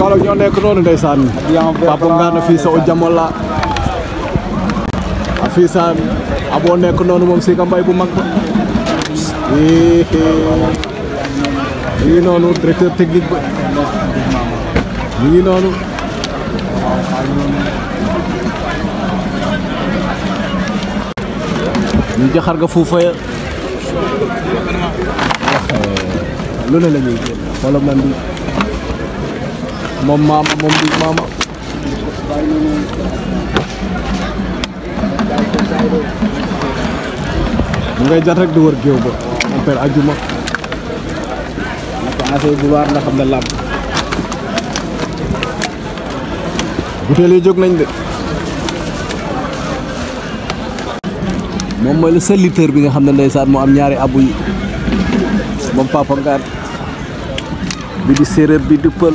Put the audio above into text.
kalau ñoo nekk noonu ndeysaan Papa Ngana fii sa o jamol la a fii sa aboo nekk noonu moom si ka mbay bu mag ba ñu ngi noonu directeur technique ba ñu ngi jaxar ga ya lu ne la ñuy xolam di moom maama moom bi maama mu ngay jat rek di wër géew ba mon père ajuma na ko assez bu waar nga xam ne làmb butéel yi jóg nañ de moom mooy le seul lutteur bi nga xam ne ndeysaan moo am ñaari abu yi moom papa ngaan bi di séeréer bi di pël